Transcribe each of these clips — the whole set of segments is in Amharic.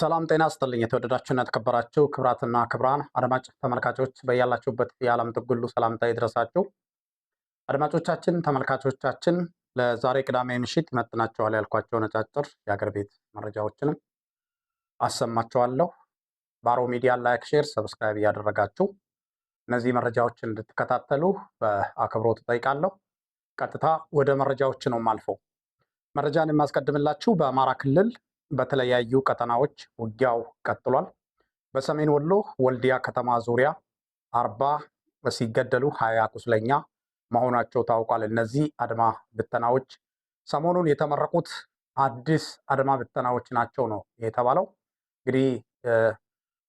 ሰላም ጤና ስጥልኝ። የተወደዳችሁና የተከበራችሁ ክብራትና ክብራን አድማጭ ተመልካቾች በያላችሁበት የዓለም ጥግ ሁሉ ሰላምታ ይድረሳችሁ። አድማጮቻችን፣ ተመልካቾቻችን ለዛሬ ቅዳሜ ምሽት ይመጥናቸዋል ያልኳቸው ነጫጭር የአገር ቤት መረጃዎችንም አሰማችኋለሁ። ባሮ ሚዲያ ላይክ፣ ሼር፣ ሰብስክራይብ እያደረጋችሁ እነዚህ መረጃዎችን እንድትከታተሉ በአክብሮት እጠይቃለሁ። ቀጥታ ወደ መረጃዎች ነው ማልፈው። መረጃን የማስቀድምላችሁ በአማራ ክልል በተለያዩ ቀጠናዎች ውጊያው ቀጥሏል። በሰሜን ወሎ ወልዲያ ከተማ ዙሪያ አርባ ሲገደሉ ሀያ ቁስለኛ መሆናቸው ታውቋል። እነዚህ አድማ ብተናዎች ሰሞኑን የተመረቁት አዲስ አድማ ብተናዎች ናቸው ነው የተባለው። እንግዲህ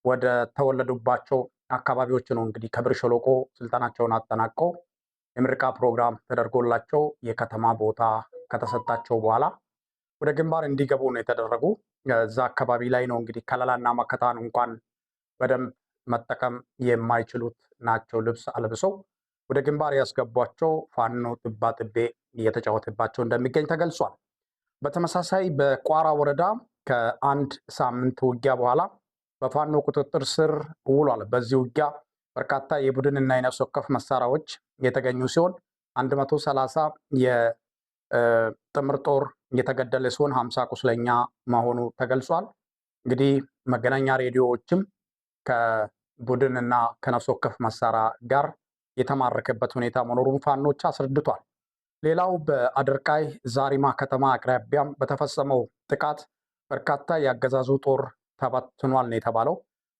ወደ ተወለዱባቸው አካባቢዎች ነው እንግዲህ ከብር ሸለቆ ስልጠናቸውን አጠናቀው የምርቃ ፕሮግራም ተደርጎላቸው የከተማ ቦታ ከተሰጣቸው በኋላ ወደ ግንባር እንዲገቡ ነው የተደረጉ። እዛ አካባቢ ላይ ነው እንግዲህ ከለላና መከታን እንኳን በደንብ መጠቀም የማይችሉት ናቸው። ልብስ አልብሰው ወደ ግንባር ያስገቧቸው ፋኖ ጥባ ጥቤ እየተጫወተባቸው እንደሚገኝ ተገልጿል። በተመሳሳይ በቋራ ወረዳ ከአንድ ሳምንት ውጊያ በኋላ በፋኖ ቁጥጥር ስር ውሏል። በዚህ ውጊያ በርካታ የቡድንና የነፍስ ወከፍ መሳሪያዎች የተገኙ ሲሆን 130 የጥምር ጦር የተገደለ ሲሆን ሀምሳ ቁስለኛ መሆኑ ተገልጿል። እንግዲህ መገናኛ ሬዲዮዎችም ከቡድንና ከነፍስ ወከፍ መሳሪያ ጋር የተማረከበት ሁኔታ መኖሩን ፋኖች አስረድቷል። ሌላው በአደርቃይ ዛሪማ ከተማ አቅራቢያም በተፈጸመው ጥቃት በርካታ የአገዛዙ ጦር ተበትኗል ነው የተባለው።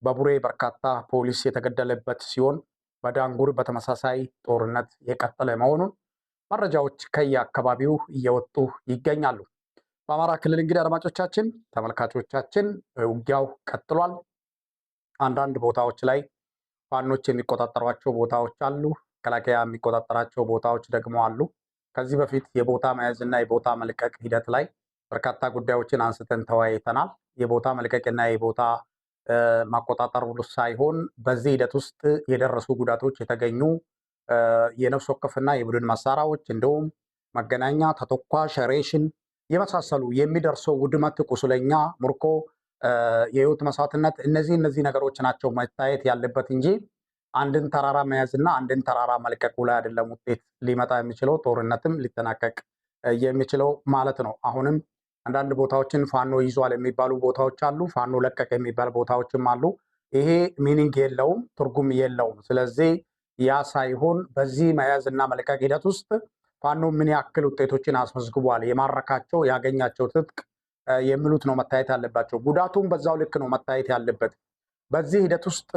በቡሬ በርካታ ፖሊስ የተገደለበት ሲሆን በዳንጉር በተመሳሳይ ጦርነት የቀጠለ መሆኑን መረጃዎች ከየአካባቢው እየወጡ ይገኛሉ። በአማራ ክልል እንግዲህ አድማጮቻችን፣ ተመልካቾቻችን ውጊያው ቀጥሏል። አንዳንድ ቦታዎች ላይ ፋኖች የሚቆጣጠሯቸው ቦታዎች አሉ። መከላከያ የሚቆጣጠራቸው ቦታዎች ደግሞ አሉ። ከዚህ በፊት የቦታ መያዝና የቦታ መልቀቅ ሂደት ላይ በርካታ ጉዳዮችን አንስተን ተወያይተናል። የቦታ መልቀቅና የቦታ ማቆጣጠር ሳይሆን በዚህ ሂደት ውስጥ የደረሱ ጉዳቶች የተገኙ የነፍስ ወከፍና የቡድን መሳሪያዎች እንዲሁም መገናኛ፣ ተተኳሽ፣ ሬሽን የመሳሰሉ የሚደርሰው ውድመት፣ ቁስለኛ፣ ምርኮ፣ የህይወት መስዋዕትነት እነዚህ እነዚህ ነገሮች ናቸው መታየት ያለበት እንጂ አንድን ተራራ መያዝና አንድን ተራራ መልቀቁ ላይ አይደለም ውጤት ሊመጣ የሚችለው ጦርነትም ሊጠናቀቅ የሚችለው ማለት ነው። አሁንም አንዳንድ ቦታዎችን ፋኖ ይዟል የሚባሉ ቦታዎች አሉ። ፋኖ ለቀቅ የሚባል ቦታዎችም አሉ። ይሄ ሚኒንግ የለውም፣ ትርጉም የለውም። ስለዚህ ያ ሳይሆን በዚህ መያዝ እና መልቀቅ ሂደት ውስጥ ፋኖ ምን ያክል ውጤቶችን አስመዝግቧል፣ የማረካቸው ያገኛቸው ትጥቅ የሚሉት ነው መታየት ያለባቸው። ጉዳቱም በዛው ልክ ነው መታየት ያለበት። በዚህ ሂደት ውስጥ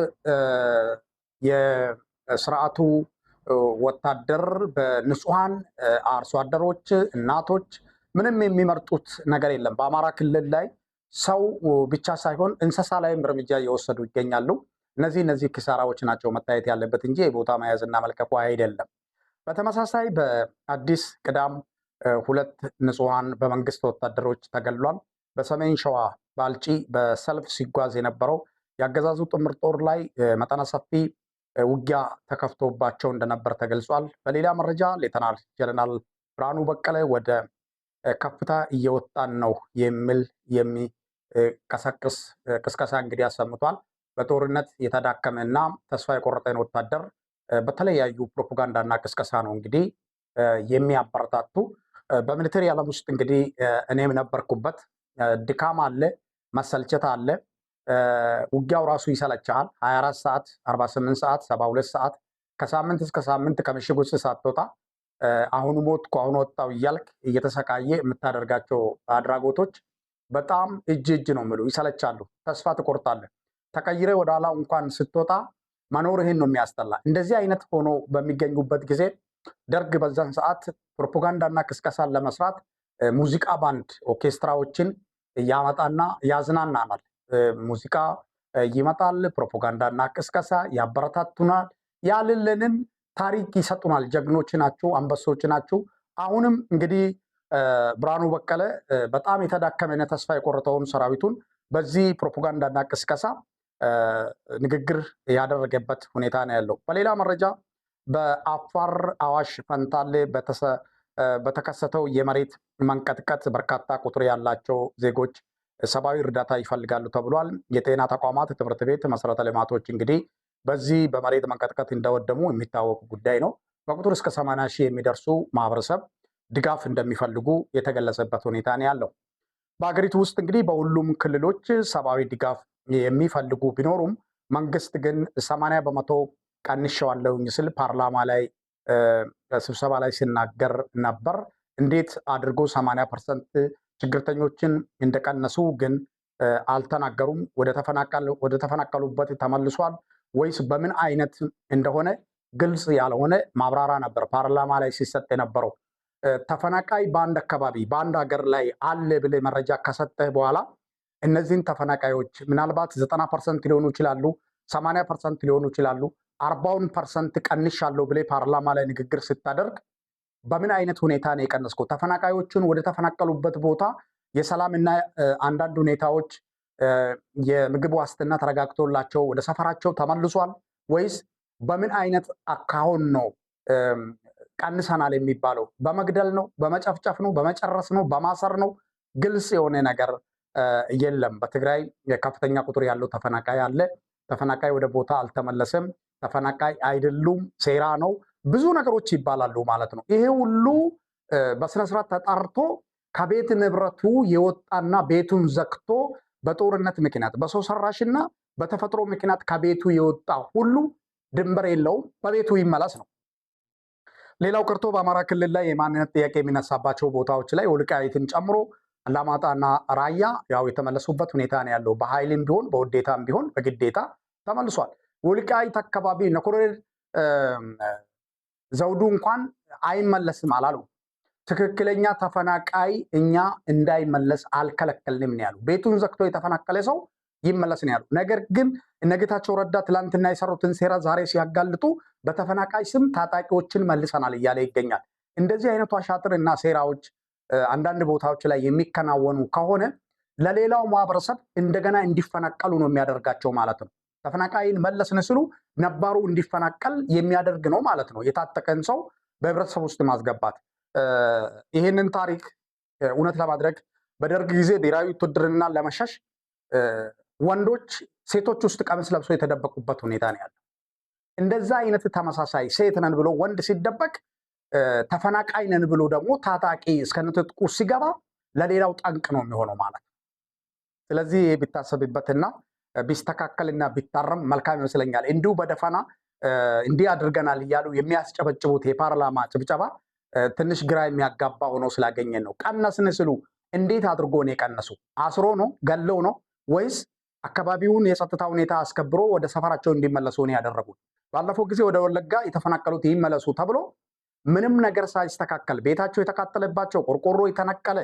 የስርዓቱ ወታደር በንጹሐን አርሶ አደሮች፣ እናቶች ምንም የሚመርጡት ነገር የለም። በአማራ ክልል ላይ ሰው ብቻ ሳይሆን እንስሳ ላይም እርምጃ እየወሰዱ ይገኛሉ። እነዚህ እነዚህ ኪሳራዎች ናቸው መታየት ያለበት እንጂ የቦታ መያዝና መልቀቁ አይደለም። በተመሳሳይ በአዲስ ቅዳም ሁለት ንጹሐን በመንግስት ወታደሮች ተገሏል። በሰሜን ሸዋ ባልጪ በሰልፍ ሲጓዝ የነበረው የአገዛዙ ጥምር ጦር ላይ መጠነ ሰፊ ውጊያ ተከፍቶባቸው እንደነበር ተገልጿል። በሌላ መረጃ ሌተናል ጀነራል ብርሃኑ በቀለ ወደ ከፍታ እየወጣን ነው የሚል የሚቀሰቅስ ቅስቀሳ እንግዲህ አሰምቷል። በጦርነት የተዳከመ እና ተስፋ የቆረጠን ወታደር በተለያዩ ፕሮፓጋንዳና ቅስቀሳ ነው እንግዲህ የሚያበረታቱ። በሚሊተሪ ዓለም ውስጥ እንግዲህ እኔም ነበርኩበት። ድካም አለ፣ መሰልቸት አለ። ውጊያው ራሱ ይሰለቻል። 24 ሰዓት፣ 48 ሰዓት፣ 72 ሰዓት ከሳምንት እስከ ሳምንት ከምሽግ ውጭ ሳትወጣ አሁኑ ሞትኩ አሁኑ ወጣው እያልክ እየተሰቃየ የምታደርጋቸው አድራጎቶች በጣም እጅ እጅ ነው የሚሉ ይሰለቻሉ። ተስፋ ትቆርጣለን። ተቀይረ ወደ ኋላ እንኳን ስትወጣ መኖርህን ነው የሚያስጠላ። እንደዚህ አይነት ሆኖ በሚገኙበት ጊዜ ደርግ በዛን ሰዓት ፕሮፓጋንዳና ቅስቀሳን ለመስራት ሙዚቃ ባንድ ኦርኬስትራዎችን ያመጣና ያዝናናናል። ሙዚቃ ይመጣል፣ ፕሮፓጋንዳና ቅስቀሳ ያበረታቱናል፣ ያልልንን ታሪክ ይሰጡናል። ጀግኖች ናችሁ፣ አንበሶች ናችሁ። አሁንም እንግዲህ ብርሃኑ በቀለ በጣም የተዳከመነ ተስፋ የቆረጠውን ሰራዊቱን በዚህ ፕሮፓጋንዳና ቅስቀሳ ንግግር ያደረገበት ሁኔታ ነው ያለው። በሌላ መረጃ በአፋር አዋሽ ፈንታሌ በተከሰተው የመሬት መንቀጥቀጥ በርካታ ቁጥር ያላቸው ዜጎች ሰብአዊ እርዳታ ይፈልጋሉ ተብሏል። የጤና ተቋማት፣ ትምህርት ቤት፣ መሰረተ ልማቶች እንግዲህ በዚህ በመሬት መንቀጥቀጥ እንደወደሙ የሚታወቅ ጉዳይ ነው። በቁጥር እስከ 80 ሺህ የሚደርሱ ማህበረሰብ ድጋፍ እንደሚፈልጉ የተገለጸበት ሁኔታ ነው ያለው። በሀገሪቱ ውስጥ እንግዲህ በሁሉም ክልሎች ሰብአዊ ድጋፍ የሚፈልጉ ቢኖሩም መንግስት ግን ሰማንያ በመቶ ቀንሸዋለሁኝ ስል ፓርላማ ላይ ስብሰባ ላይ ሲናገር ነበር። እንዴት አድርጎ ሰማንያ ፐርሰንት ችግርተኞችን እንደቀነሱ ግን አልተናገሩም። ወደ ተፈናቀሉበት ተመልሷል ወይስ በምን አይነት እንደሆነ ግልጽ ያልሆነ ማብራሪያ ነበር ፓርላማ ላይ ሲሰጥ የነበረው። ተፈናቃይ በአንድ አካባቢ በአንድ ሀገር ላይ አለ ብለህ መረጃ ከሰጠህ በኋላ እነዚህን ተፈናቃዮች ምናልባት ዘጠና ፐርሰንት ሊሆኑ ይችላሉ፣ ሰማንያ ፐርሰንት ሊሆኑ ይችላሉ። አርባውን ፐርሰንት ቀንሻለሁ ብላ ፓርላማ ላይ ንግግር ስታደርግ በምን አይነት ሁኔታ ነው የቀነስከው? ተፈናቃዮቹን ወደ ተፈናቀሉበት ቦታ እና አንዳንድ ሁኔታዎች የምግብ ዋስትና ተረጋግቶላቸው ወደ ሰፈራቸው ተመልሷል ወይስ በምን አይነት አካሆን ነው ቀንሰናል የሚባለው? በመግደል ነው? በመጨፍጨፍ ነው? በመጨረስ ነው? በማሰር ነው? ግልጽ የሆነ ነገር የለም። በትግራይ ከፍተኛ ቁጥር ያለው ተፈናቃይ አለ። ተፈናቃይ ወደ ቦታ አልተመለሰም። ተፈናቃይ አይደሉም፣ ሴራ ነው፣ ብዙ ነገሮች ይባላሉ ማለት ነው። ይሄ ሁሉ በስነስርዓት ተጣርቶ ከቤት ንብረቱ የወጣና ቤቱን ዘግቶ በጦርነት ምክንያት በሰው ሰራሽና በተፈጥሮ ምክንያት ከቤቱ የወጣ ሁሉ ድንበር የለውም፣ በቤቱ ይመለስ ነው። ሌላው ቀርቶ በአማራ ክልል ላይ የማንነት ጥያቄ የሚነሳባቸው ቦታዎች ላይ ወልቃይትን ጨምሮ አላማጣና ራያ ያው የተመለሱበት ሁኔታ ነው ያለው። በኃይልም ቢሆን በውዴታም ቢሆን በግዴታ ተመልሷል። ወልቃይት አካባቢ ኮሎኔል ዘውዱ እንኳን አይመለስም አላሉ። ትክክለኛ ተፈናቃይ እኛ እንዳይመለስ አልከለከልንም ነው ያሉ። ቤቱን ዘግቶ የተፈናቀለ ሰው ይመለስ ነው ያሉ። ነገር ግን እነ ጌታቸው ረዳ ትላንትና የሰሩትን ሴራ ዛሬ ሲያጋልጡ በተፈናቃይ ስም ታጣቂዎችን መልሰናል እያለ ይገኛል። እንደዚህ አይነቱ አሻጥር እና ሴራዎች አንዳንድ ቦታዎች ላይ የሚከናወኑ ከሆነ ለሌላው ማህበረሰብ እንደገና እንዲፈናቀሉ ነው የሚያደርጋቸው ማለት ነው። ተፈናቃይን መለስን ስሉ ነባሩ እንዲፈናቀል የሚያደርግ ነው ማለት ነው። የታጠቀን ሰው በህብረተሰብ ውስጥ ማስገባት ይህንን ታሪክ እውነት ለማድረግ በደርግ ጊዜ ብሔራዊ ውትድርና ለመሸሽ ወንዶች ሴቶች ውስጥ ቀሚስ ለብሶ የተደበቁበት ሁኔታ ነው ያለው። እንደዛ አይነት ተመሳሳይ ሴት ነን ብሎ ወንድ ሲደበቅ ተፈናቃይ ነን ብሎ ደግሞ ታጣቂ እስከነትጥቁ ሲገባ ለሌላው ጠንቅ ነው የሚሆነው ማለት ነው። ስለዚህ ቢታሰብበትና ቢስተካከልና ቢታረም መልካም ይመስለኛል። እንዲሁ በደፈና እንዲህ አድርገናል እያሉ የሚያስጨበጭቡት የፓርላማ ጭብጨባ ትንሽ ግራ የሚያጋባ ሆኖ ስላገኘ ነው። ቀነስን ስሉ እንዴት አድርጎ ነው የቀነሱ? አስሮ ነው ገለው ነው ወይስ አካባቢውን የጸጥታ ሁኔታ አስከብሮ ወደ ሰፈራቸው እንዲመለሱ ነው ያደረጉት? ባለፈው ጊዜ ወደ ወለጋ የተፈናቀሉት ይመለሱ ተብሎ ምንም ነገር ሳይስተካከል ቤታቸው የተቃጠለባቸው ቆርቆሮ የተነቀለ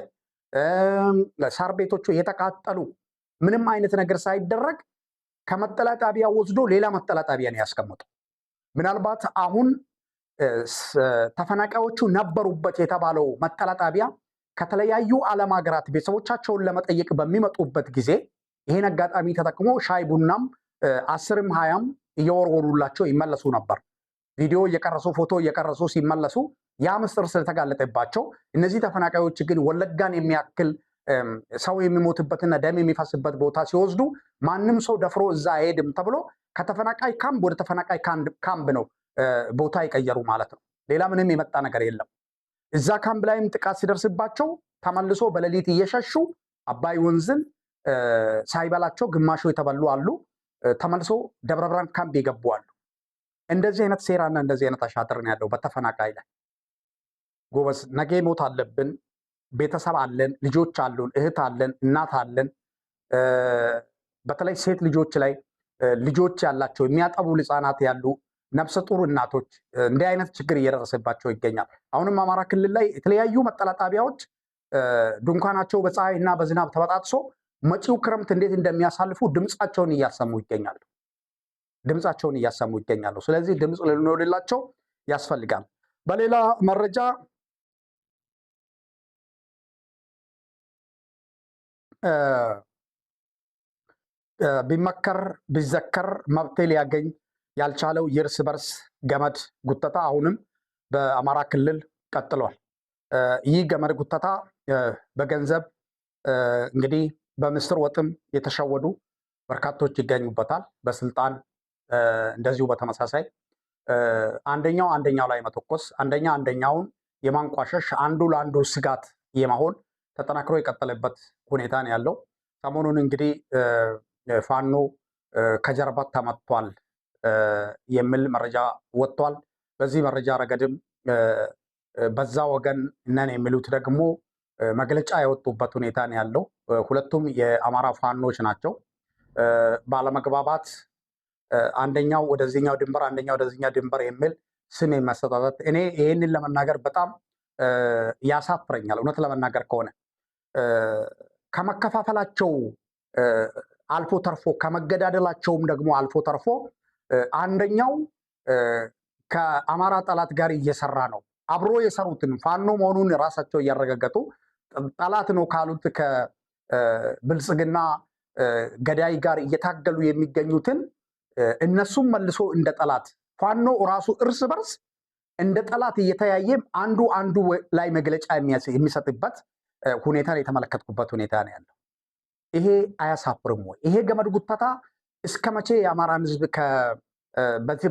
ሳር ቤቶቹ የተቃጠሉ ምንም አይነት ነገር ሳይደረግ ከመጠላ ጣቢያ ወስዶ ሌላ መጠላ ጣቢያ ነው ያስቀምጡ። ምናልባት አሁን ተፈናቃዮቹ ነበሩበት የተባለው መጠላ ጣቢያ ከተለያዩ ዓለም ሀገራት ቤተሰቦቻቸውን ለመጠየቅ በሚመጡበት ጊዜ ይህን አጋጣሚ ተጠቅሞ ሻይ ቡናም አስርም ሀያም እየወርወሩላቸው ይመለሱ ነበር። ቪዲዮ እየቀረሱ ፎቶ እየቀረሱ ሲመለሱ ያ ምስጢር ስለተጋለጠባቸው እነዚህ ተፈናቃዮች ግን ወለጋን የሚያክል ሰው የሚሞትበትና ደም የሚፈስበት ቦታ ሲወስዱ ማንም ሰው ደፍሮ እዛ አይሄድም ተብሎ ከተፈናቃይ ካምፕ ወደ ተፈናቃይ ካምፕ ነው ቦታ ይቀየሩ ማለት ነው። ሌላ ምንም የመጣ ነገር የለም። እዛ ካምፕ ላይም ጥቃት ሲደርስባቸው ተመልሶ በሌሊት እየሸሹ አባይ ወንዝን ሳይበላቸው ግማሹ የተበሉ አሉ። ተመልሶ ደብረ ብርሃን ካምፕ ይገቡዋል። እንደዚህ አይነት ሴራና እንደዚህ አይነት አሻጥር ነው ያለው በተፈናቃይ ላይ። ጎበዝ ነገ ሞት አለብን፣ ቤተሰብ አለን፣ ልጆች አሉን፣ እህት አለን፣ እናት አለን። በተለይ ሴት ልጆች ላይ ልጆች ያላቸው የሚያጠቡ ህጻናት ያሉ ነፍሰ ጡር እናቶች እንዲህ አይነት ችግር እየደረሰባቸው ይገኛል። አሁንም አማራ ክልል ላይ የተለያዩ መጠለያ ጣቢያዎች ድንኳናቸው በፀሐይ እና በዝናብ ተበጣጥሶ መጪው ክረምት እንዴት እንደሚያሳልፉ ድምፃቸውን እያሰሙ ይገኛሉ። ድምፃቸውን እያሰሙ ይገኛሉ። ስለዚህ ድምፅ ልንሆንላቸው ያስፈልጋል። በሌላ መረጃ ቢመከር ቢዘከር መብቴ ሊያገኝ ያልቻለው የእርስ በርስ ገመድ ጉተታ አሁንም በአማራ ክልል ቀጥሏል። ይህ ገመድ ጉተታ በገንዘብ እንግዲህ በምስር ወጥም የተሸወዱ በርካቶች ይገኙበታል። በስልጣን እንደዚሁ በተመሳሳይ አንደኛው አንደኛው ላይ መተኮስ፣ አንደኛ አንደኛውን የማንቋሸሽ አንዱ ለአንዱ ስጋት የመሆን ተጠናክሮ የቀጠለበት ሁኔታ ነው ያለው። ሰሞኑን እንግዲህ ፋኖ ከጀርባ ተመቷል የሚል መረጃ ወጥቷል። በዚህ መረጃ ረገድም በዛ ወገን ነን የሚሉት ደግሞ መግለጫ የወጡበት ሁኔታ ነው ያለው። ሁለቱም የአማራ ፋኖች ናቸው። ባለመግባባት አንደኛው ወደዚህኛው ድንበር፣ አንደኛው ወደዚህኛው ድንበር የሚል ስም የሚያሰጣጣት እኔ ይህንን ለመናገር በጣም ያሳፍረኛል። እውነት ለመናገር ከሆነ ከመከፋፈላቸው አልፎ ተርፎ ከመገዳደላቸውም ደግሞ አልፎ ተርፎ አንደኛው ከአማራ ጠላት ጋር እየሰራ ነው። አብሮ የሰሩትን ፋኖ መሆኑን ራሳቸው እያረጋገጡ ጠላት ነው ካሉት ከብልጽግና ገዳይ ጋር እየታገሉ የሚገኙትን እነሱም መልሶ እንደ ጠላት ፋኖ ራሱ እርስ በርስ እንደ ጠላት እየተያየ አንዱ አንዱ ላይ መግለጫ የሚሰጥበት ሁኔታን የተመለከትኩበት ሁኔታ ነው ያለው። ይሄ አያሳፍርም ወይ? ይሄ ገመድ ጉተታ እስከ መቼ የአማራን ሕዝብ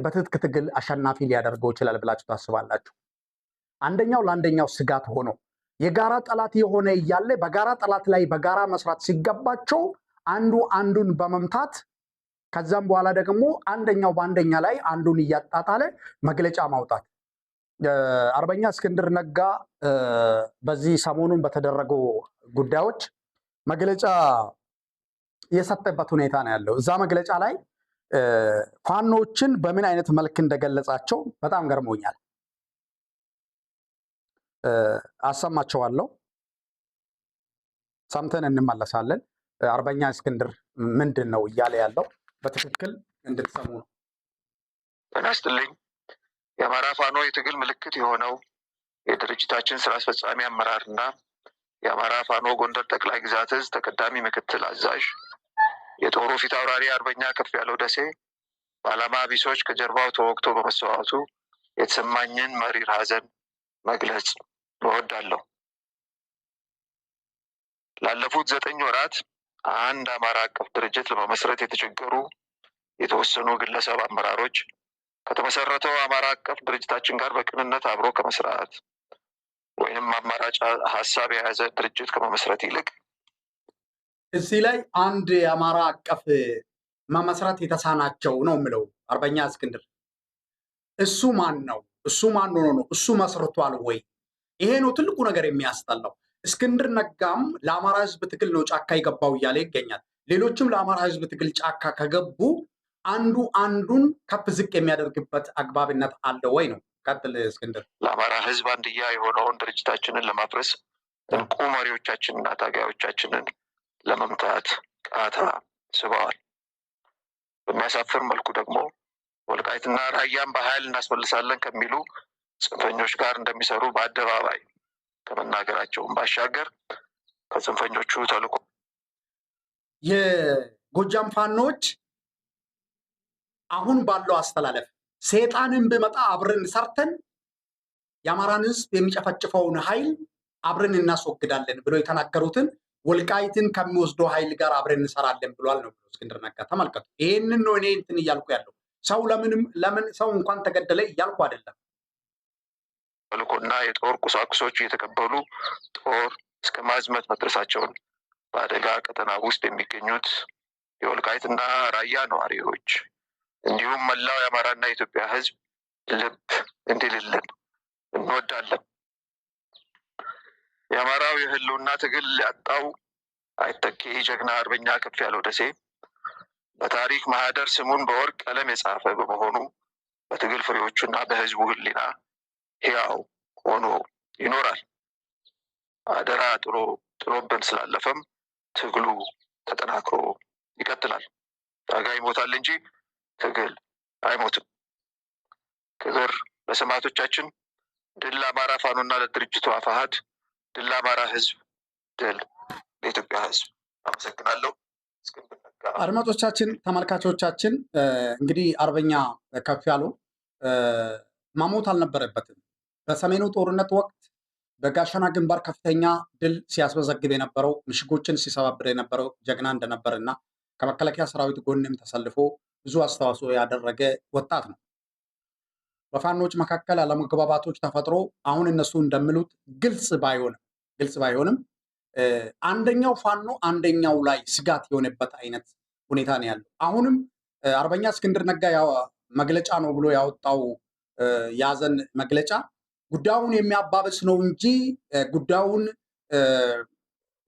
በትጥቅ ትግል አሸናፊ ሊያደርገው ይችላል ብላችሁ ታስባላችሁ? አንደኛው ለአንደኛው ስጋት ሆኖ የጋራ ጠላት የሆነ እያለ በጋራ ጠላት ላይ በጋራ መስራት ሲገባቸው አንዱ አንዱን በመምታት ከዛም በኋላ ደግሞ አንደኛው በአንደኛ ላይ አንዱን እያጣጣለ መግለጫ ማውጣት አርበኛ እስክንድር ነጋ በዚህ ሰሞኑን በተደረጉ ጉዳዮች መግለጫ የሰጠበት ሁኔታ ነው ያለው። እዛ መግለጫ ላይ ፋኖችን በምን አይነት መልክ እንደገለጻቸው በጣም ገርሞኛል። አሰማቸዋለሁ፣ ሰምተን እንመለሳለን። አርበኛ እስክንድር ምንድን ነው እያለ ያለው? በትክክል እንድትሰሙ ነው። የአማራ ፋኖ የትግል ምልክት የሆነው የድርጅታችን ስራ አስፈጻሚ አመራር እና የአማራ ፋኖ ጎንደር ጠቅላይ ግዛት እዝ ተቀዳሚ ምክትል አዛዥ የጦሩ ፊት አውራሪ አርበኛ ከፍ ያለው ደሴ በዓላማ ቢሶች ከጀርባው ተወቅቶ በመሰዋቱ የተሰማኝን መሪር ሐዘን መግለጽ እወዳለሁ። ላለፉት ዘጠኝ ወራት አንድ አማራ አቀፍ ድርጅት ለመመስረት የተቸገሩ የተወሰኑ ግለሰብ አመራሮች ከተመሰረተው አማራ አቀፍ ድርጅታችን ጋር በቅንነት አብሮ ከመስራት ወይንም አማራጭ ሀሳብ የያዘ ድርጅት ከመመስረት ይልቅ እዚህ ላይ አንድ የአማራ አቀፍ መመስረት የተሳናቸው ነው የምለው አርበኛ እስክንድር እሱ ማን ነው? እሱ ማን ሆኖ ነው? እሱ መስርቷል ወይ? ይሄ ነው ትልቁ ነገር የሚያስጠላው። እስክንድር ነጋም ለአማራ ህዝብ ትግል ነው ጫካ የገባው እያለ ይገኛል። ሌሎችም ለአማራ ህዝብ ትግል ጫካ ከገቡ አንዱ አንዱን ከፍ ዝቅ የሚያደርግበት አግባብነት አለ ወይ ነው። ቀጥል እስክንድር። ለአማራ ህዝብ አንድያ የሆነውን ድርጅታችንን ለማፍረስ እንቁ መሪዎቻችንና ታጋዮቻችንን ለመምታት ቃታ ስበዋል። በሚያሳፍር መልኩ ደግሞ ወልቃይትና ራያን በኃይል እናስመልሳለን ከሚሉ ጽንፈኞች ጋር እንደሚሰሩ በአደባባይ ከመናገራቸውን ባሻገር ከጽንፈኞቹ ተልዕኮ የጎጃም ፋኖች አሁን ባለው አስተላለፍ ሴጣንን ብመጣ አብረን ሰርተን የአማራን ህዝብ የሚጨፈጭፈውን ኃይል አብረን እናስወግዳለን ብለው የተናገሩትን ወልቃይትን ከሚወስደው ኃይል ጋር አብረን እንሰራለን ብሏል ነው እስክንድር ነጋ ተመልከቱ። ይህንን ነው እኔ እንትን እያልኩ ያለው ሰው ለምን ሰው እንኳን ተገደለ እያልኩ አይደለም። ተልኮና የጦር ቁሳቁሶች እየተቀበሉ ጦር እስከ ማዝመት መድረሳቸውን በአደጋ ቀጠና ውስጥ የሚገኙት የወልቃይትና ራያ ነዋሪዎች እንዲሁም መላው የአማራና የኢትዮጵያ ሕዝብ ልብ እንዲልልን እንወዳለን። የአማራው የህልውና ትግል ያጣው አይተኬ ጀግና አርበኛ ያለው ደሴ በታሪክ ማህደር ስሙን በወርቅ ቀለም የጻፈ በመሆኑ በትግል ፍሬዎቹና በህዝቡ ህሊና ህያው ሆኖ ይኖራል። አደራ ጥሎ ጥሎብን ስላለፈም ትግሉ ተጠናክሮ ይቀጥላል። ታጋይ ይሞታል እንጂ ትግል አይሞትም። ክብር ለሰማዕቶቻችን። ድል ለአማራ ፋኖና ለድርጅቱ አፋሃድ ድል ለአማራ ህዝብ። ድል ለኢትዮጵያ ህዝብ አመሰግናለሁ። አድማጮቻችን፣ ተመልካቾቻችን እንግዲህ አርበኛ ከፍ ያሉ ማሞት አልነበረበትም። በሰሜኑ ጦርነት ወቅት በጋሸና ግንባር ከፍተኛ ድል ሲያስመዘግብ የነበረው ምሽጎችን ሲሰባብር የነበረው ጀግና እንደነበርና ከመከላከያ ሰራዊት ጎንም ተሰልፎ ብዙ አስተዋጽኦ ያደረገ ወጣት ነው። በፋኖች መካከል አለመግባባቶች ተፈጥሮ አሁን እነሱ እንደሚሉት ግልጽ ባይሆንም ግልጽ ባይሆንም አንደኛው ፋኖ አንደኛው ላይ ስጋት የሆነበት አይነት ሁኔታ ነው ያለው። አሁንም አርበኛ እስክንድር ነጋ መግለጫ ነው ብሎ ያወጣው ያዘን መግለጫ ጉዳዩን የሚያባብስ ነው እንጂ ጉዳዩን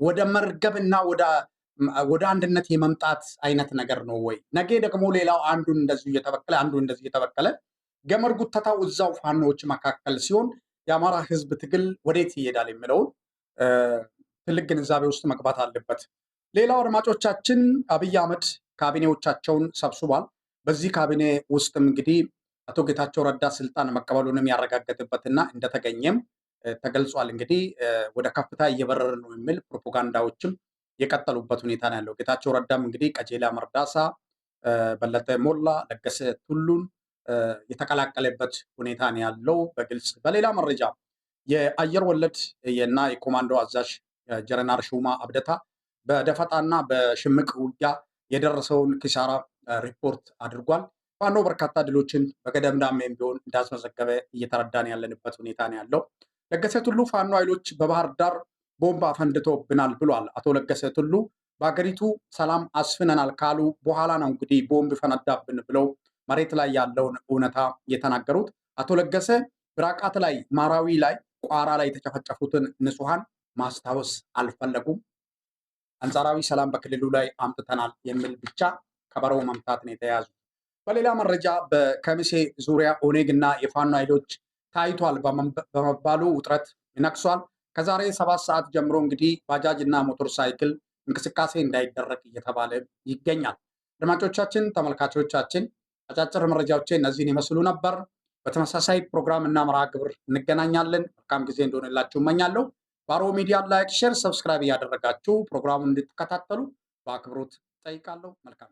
ወደ መርገብና ወደ አንድነት የመምጣት አይነት ነገር ነው ወይ? ነገ ደግሞ ሌላው አንዱን እንደዚሁ እየተበከለ አንዱን እንደዚሁ እየተበከለ ገመድ ጉተታው እዛው ፋኖዎች መካከል ሲሆን የአማራ ህዝብ ትግል ወዴት ይሄዳል የሚለውን ትልቅ ግንዛቤ ውስጥ መግባት አለበት። ሌላው አድማጮቻችን አብይ አህመድ ካቢኔዎቻቸውን ሰብስቧል። በዚህ ካቢኔ ውስጥም እንግዲህ አቶ ጌታቸው ረዳ ስልጣን መቀበሉንም ያረጋገጥበትና እንደተገኘም ተገልጿል። እንግዲህ ወደ ከፍታ እየበረረ ነው የሚል ፕሮፓጋንዳዎችም የቀጠሉበት ሁኔታ ነው ያለው። ጌታቸው ረዳም እንግዲህ ቀጀላ መርዳሳ፣ በለጠ ሞላ፣ ለገሰ ቱሉን የተቀላቀለበት ሁኔታ ነው ያለው በግልጽ በሌላ መረጃ የአየር ወለድ እና የኮማንዶ አዛዥ ጀረናር ሹማ አብደታ በደፈጣና በሽምቅ ውጊያ የደረሰውን ኪሳራ ሪፖርት አድርጓል። ፋኖ በርካታ ድሎችን በገደምዳሜም ቢሆን እንዳስመዘገበ እየተረዳን ያለንበት ሁኔታ ነው ያለው። ለገሰ ቱሉ ፋኖ ኃይሎች በባህር ዳር ቦምብ አፈንድቶብናል ብሏል። አቶ ለገሰ ቱሉ በሀገሪቱ ሰላም አስፍነናል ካሉ በኋላ ነው እንግዲህ ቦምብ ፈነዳብን ብለው መሬት ላይ ያለውን እውነታ የተናገሩት። አቶ ለገሰ ብራቃት ላይ፣ ማራዊ ላይ፣ ቋራ ላይ የተጨፈጨፉትን ንጹሐን ማስታወስ አልፈለጉም። አንጻራዊ ሰላም በክልሉ ላይ አምጥተናል የሚል ብቻ ከበሮ መምታት ነው በሌላ መረጃ በከሚሴ ዙሪያ ኦኔግ እና የፋኖ ኃይሎች ታይቷል በመባሉ ውጥረት ይነቅሷል። ከዛሬ ሰባት ሰዓት ጀምሮ እንግዲህ ባጃጅ እና ሞተር ሳይክል እንቅስቃሴ እንዳይደረግ እየተባለ ይገኛል። አድማጮቻችን፣ ተመልካቾቻችን አጫጭር መረጃዎች እነዚህን ይመስሉ ነበር። በተመሳሳይ ፕሮግራም እና መርሃ ግብር እንገናኛለን። መልካም ጊዜ እንደሆነላችሁ እመኛለሁ። ባሮ ሚዲያ ላይክ፣ ሼር፣ ሰብስክራይብ እያደረጋችሁ ፕሮግራሙን እንድትከታተሉ በአክብሮት ጠይቃለሁ። መልካም